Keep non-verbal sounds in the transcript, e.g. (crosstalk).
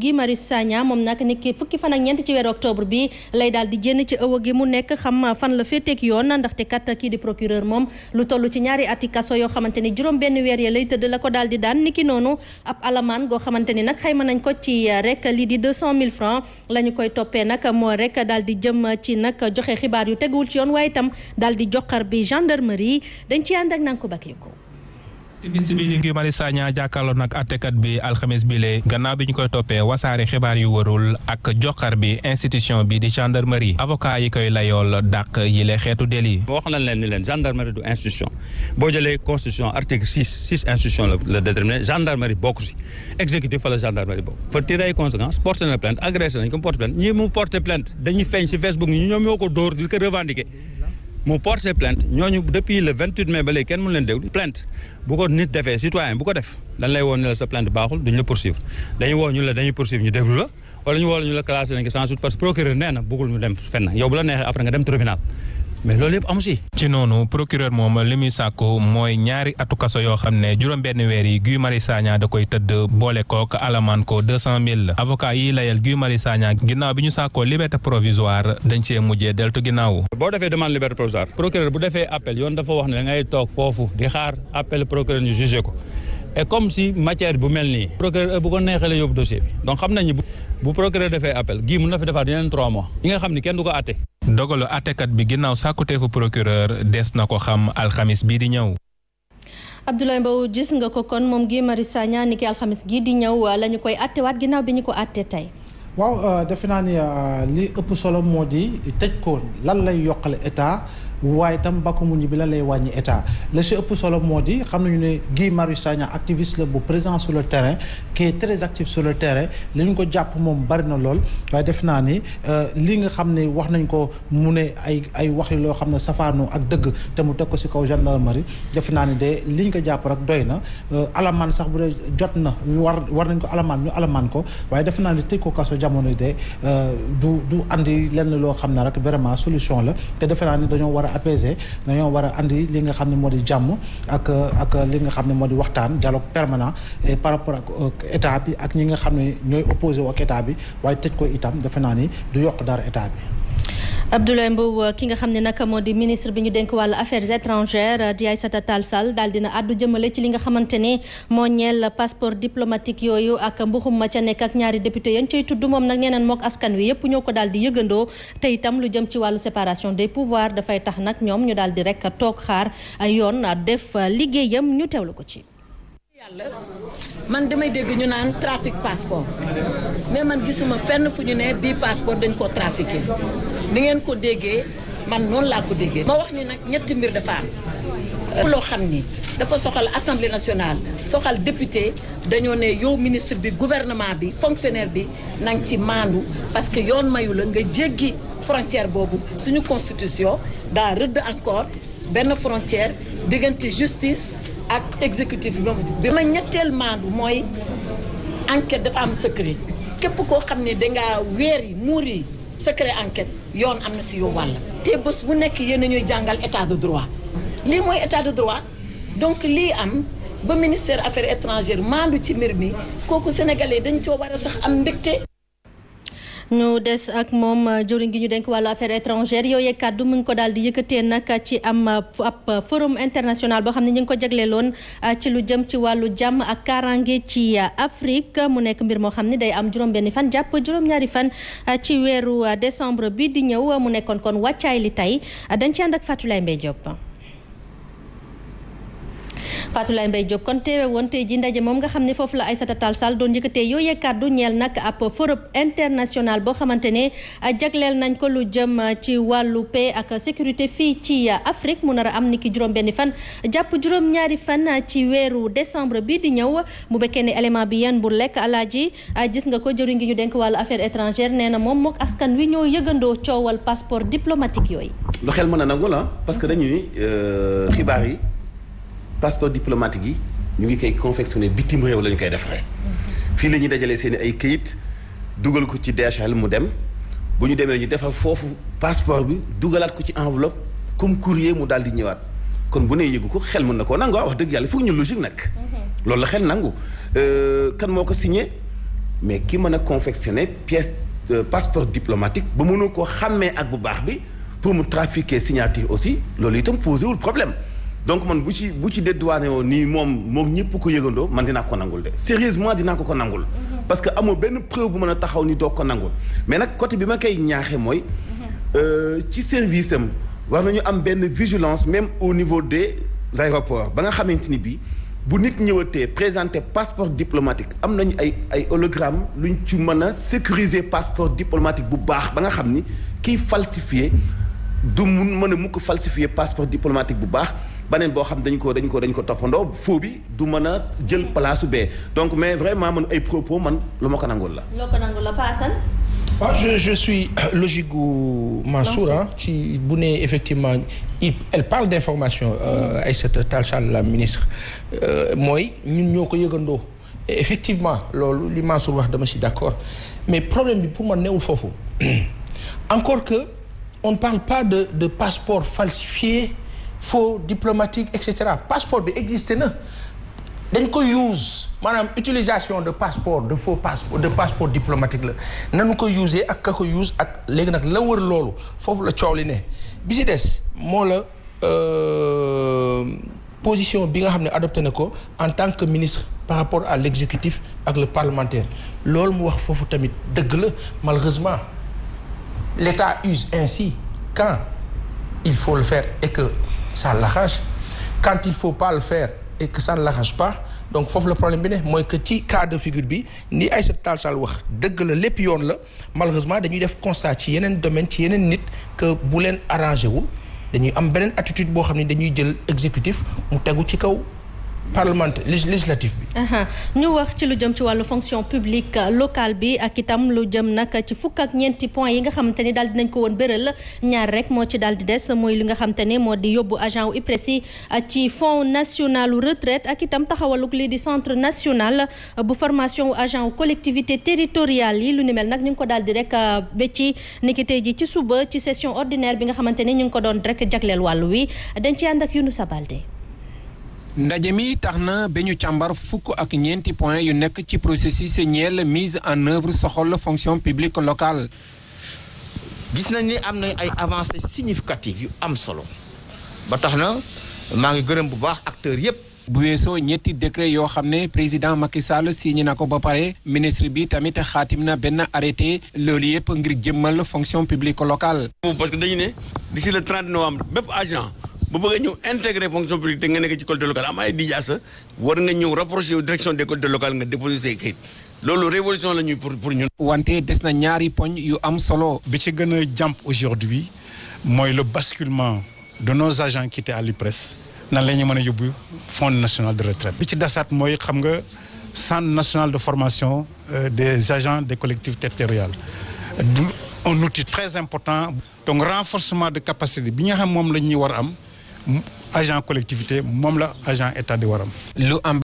gii Marius Sagna moom nag ni ki fukki fan ak ñeent ci weeru octobre bi lay daal di jénn ci ëwë gi mu nekk xam fan la féeteeg yoon ndaxte kat kii di procureur moom lu toll ci ñaari ati kaso yoo xamante ni juróom benn weer ya lay tëdd la ko daal di daan ni ki noonu ab alamaan goo xamante ni nag xayma nañ ko ci rek lii di deux cent mille francs la ñu koy toppee nag moo rek daal di jëm ci nag joxe xibaar yu teguwul ci yoon waaye itam daal di joxar bi gendarmerie dañ ci ànd ak nanku bak ko activiste bi di Guy Marius Sagna jàkkaarloo nag àttekat bi alxames bi gannaaw bi ñu koy toppee wasaare xibaar yu warul ak joxar bi institution bi di gendarmerie avocat yi koy layool dàq yi le xeetu délit wax nañ leen ni leen gendarmerie du institution boo jëlee constitution article six six institution la la gendarmerie bokk si exécutif fa la gendarmerie bokk fa tiré ay conséquences na plainte agressé nañ ko mu porté plainte dañuy mu porté plainte ñooñu depuis le 28 mai ba léegi kenn mënu leen déglu plainte bu ko nit defee citoyen bu ko def dañ lay woo ne la sa plainte baaxul duñu la poursuivre dañu woo ñu la dañuy poursuivre ñu déglu la wala ñu woo la ñu la classé lañ ko sans suite parce que procureur nee na bëggul ñu dem fenn yow bu la neexee après nga dem tribunal mais loolu yëpp amu si. ci noonu procureur moom li muy sàkku mooy ñaari atu kaso yoo xam ne juróom-benn weer yi Guy mari Sagna da koy tëdd boole kook alamaan ko deux cent mille avocat yi layal Guy Marius Sagna ginnaaw bi ñu sàkkoo liberté provisoire dañ cee mujjee deltu ginnaaw. boo defee demande liberté provisoire procureur bu defee appel yoon dafa wax ne da ngay toog foofu di xaar appel procureur ñu jugé ko. e comme si matière bu mel nii. procureur euh, bu ko neexee la yóbbu dossier donc xam nañu bu procureur defee appel gii mën na fi defaat yeneen trois mois yi nga xam ni kenn du ko àtte. dogalu àttekat bi ginnaaw sàkkuteefu procureur des na ko xam alxamis bii di ñëw. Abdoulaye Mbow gis nga ko kon moom gi Mari Sagna ni ki alxamis gii di ñëw euh, la ñu koy waat ginnaaw bi ñu ko àtte tey. waaw euh, defe naa ni li ëpp solo moo di tëj koon lan lay yokkale état. waaye itam bakku mujj bi la lay wàññi état la si ëpp solo moo di xam nañu ne Guy Marius Sagna activiste la bu présent sur le terrain qui est très actif sur le terrain li ko jàpp moom bari na lool waaye def naa ni euh, li nga xam ne wax nañ ko mu ne ay ay wax loo xam ne safaanu ak dëgg te mu teg ko si kaw gendarmerie defe naa ni de li ñu ko jàpp rek doy na euh, alamaan sax bu dee jot na ñu war war nañ ko alamaan ñu alamaan ko waaye defe naa ni tëj ko kaso jamono de euh, du du andi lenn loo xam ne rek vraiment solution la a apaiser dañoo war a andi li nga xam ne moo di jàmm ak ak li nga xam ne moo di waxtaan dialogue permanent par rapport ak état bi ak ñi nga xam ne ñooy opposé wu ak état bi waaye tëj ko itam defe naa ni du yokk dara état bi Abdoulaye Mbow ki nga xam ne nag moo di ministre bi ñu denk wàllu affaires étrangères di Aïssata Tall Sall daal dina àddu jëmale ci li nga xamante ni moo ñeel passeport diplomatique yooyu ak mbuxum ma ca nekk ak ñaari député yan cay tudd moom nag nee neen mook askan wi yëpp ñoo ko daal di yëgandoo te itam lu jëm ci wàllu séparation des pouvoirs dafay tax nag ñoom ñu daal di rek toog xaar a yoon def liggéeyam ñu teewlu ko ci yàlla man damay dégg ñu naan trafic passeport mais man gisuma fenn fu ñu ne bii passeport dañ ko trafiqué ni ngeen ko déggee man noonu laa ko déggee. ma wax ñu nag ñetti mbir dafa am loo xam ni dafa soxal assemblée nationale soxal député dañoo ne yow ministre bi gouvernement bi fonctionnaire bi na nga ci maandu parce que yoon mayu la nga jéggi frontière boobu. suñu constitution daa rëdd encore benn frontière diggante justice. ak exécutif bi moom bi ma ñetteel maandu mooy enquête dafa am secret képp koo xam ne danga weer yi muur yi secret enquête yoon am na si yow wàll te bés bu nekk yéen a ñuy jàngal état de droit lii mooy état de droit donc lii am ba ministère affaires étrangères maandu ci mbir mi kooku sénégalais dañ coo war a sax am mbégte ñu des ak moom euh, jëwriñ ngi ñu denk wàllu affaires étrangères yooyee kàddu mu ngi ko daal di yëkkatee nag ci am euh, ab euh, forum international boo xam ne ñu ngi ko jagleeloon ci lu jëm ci wàllu jàmm ak kaaraange ci Afrique mu nekk mbir moo xam ne day am juróom-benni fan jàpp juróom-ñaari fan ci weeru décembre bi di ñëw mu nekkoon kon wàccaay li tey dañ ci ànd ak Fatou Lay Mbaye Fatou Laye Mbaye Diop boo xamante ne jagleel nañ ko lu jëm ci wàllu paix ak sécurité fii ci Afrique mu nar am ni juróom benn fan jàpp juróom ñaari fan ci weeru décembre bi di ñëw mu bekkee ne élément bi yéen bu lekk alaaji gis nga ko jëriñ ngi ñu denk wàllu affaire étrangère nee na moom mook askan wi ñoo yëgandoo coowal passeport diplomatique yooyu lu xel mën a nangu la parce dañuy euh, xibaar yi passeport diplomatique yi ñu ngi koy confectionné bitim réew lañu ñu koy defaree. fii la ñuy dajalee seen ay kayit dugal ko ci DHL mu dem bu ñu demee ñu defar foofu passeport bi dugalaat ko ci enveloppe comme courrier mu daal di ñëwaat kon bu ne yëgu ko xel mën na koo nangu ah, wax dëgg yàlla foog ñu logique nag. Mhm. loolu la xel nangu euh, kan moo ko signé mais ki mën a confectionné pièce euh, passeport diplomatique ba mënul koo xàmmee ak bu baax bi pour mu trafiquer signature aussi loolu itam posé wul problème. donc man bu ci bu ci dédduwaane woo nii moom moom ñëpp ko yëgandoo man dinaa ko nangul de sérieusement dinaa ko ko nangul parce que amoo benn preuve bu mën a taxaw ni doo ko nangul mais nag côté bi ma koy ñaaxe mooy mhm. euh, ci service am war nañu am benn vigilance même au niveau des aéroports ba nga xamante ni bii bu nit ñëwatee présenter passeport diplomatique am nañu ay ay hologramme ñu ci mën a sécuriser passeport diplomatique bu baax ba nga xam ni kiy falsifier du mën a mukk falsifier passeport diplomatique bu baax baneen boo xam dañ ko dañ ko dañ ko toppandoo foo bi du mën a jël place be donc mais vraiment man ay propos man lu ma ko nangul la. loo la paasan. waaw je je suis (coughs) logique gu Mansour ci bu ne effectivement il elle parle d'information euh, Aïssata Tall Sall la ministre euh, mooy ñun ñoo ko yëgandoo effectivement loolu li Mansour wax dama si d'accord mais problème bi pour ma newul foofu (coughs) encore que on ne parle pas de de passeport falsifié faux diplomatique et cetera passeport bi existé na dañ ko use maanaam utilisation de passeport de faux passeport de passeport diplomatique la nanu koy usee ak ka ko use ak léegi nag la wër loolu foofu la coow li ne bi si des moo la euh, position bi nga xam ne adopté na ko en tant que ministre par rapport à l'exécutif ak le parlementaire loolu mu wax foofu tamit dëgg la malheureusement l'État use ainsi quand il faut le faire et que ça l'arrange quand il faut pas le faire et que ça ne pas donc foofu la problème bi ne mooy que ci cas de figure bi ni Aïssata taal Sall wax dëgg la lépp yoon la malheureusement dañuy def constat ci yeneen domaine ci yeneen nit que bu leen arrangé wul dañuy am beneen attitude boo xam ne dañuy jël exécutif mu tegu ci kaw parlementaire législatif bi. ñu wax ci lu jëm ci wàllu fonction publique local bi ak itam lu jëm nag ci fukk ak ñeenti point yi nga xamante ni daal dinañ ko woon bëral ñaar rek moo ci daal di des mooy li nga xamante ne moo di yóbbu agent wu IPRES ak ci fonds nationalu retraite ak itam taxawaluk lii di centre national bu formation wu agent wu collectivité territoriale yi lu ni mel nag ñu ngi ko daal di rek euh, ba ci niki tey ji ci suba ci session ordinaire bi nga xamante ni ñu ngi ko doon rek jagleel wàllu wi dañ ci ànd ak Younousa Baldé ndaje mi tax na ba càmbar fukk ak ñeenti point yu nekk ci processus ñeel mise en œuvre soxol fonction publique locale. gis nañ ni am na ay avancées significatives yu am solo ba tax na maa ngi gërëm bu baax acteurs yépp bu weesoo ñetti décret yoo xam ne président Macky Sall signé na ko ba pare ministre bi tamit xaatim na benn arrêté loolu yëpp ngir jëmmal fonction publique locale. parce que dañu ne d'ici le 30 novembre bépp agent. ba bëgg a ñëw intégré fonction publique te nga nekk ci collectivité locale am ay dijaasa war nga ñëw rapproché wu direction des collectivités locales nga déposé say kayit loolu révolution la ñuy pour pour ñun. wante des na ñaari poñ yu am solo. bi ci gën a jàmp aujourd'hui mooy le basculement de nos agents qui étaient à l'IPRES nan la ñu mën a yóbbu fonds national de retraite. bi ci dasaat mooy xam nga centre national de formation euh, des agents des collectivités territoriales. un outil très important. donc renforcement de capacité bi nga xam moom la ñuy war a am. agent collectivité moom la agent état di waram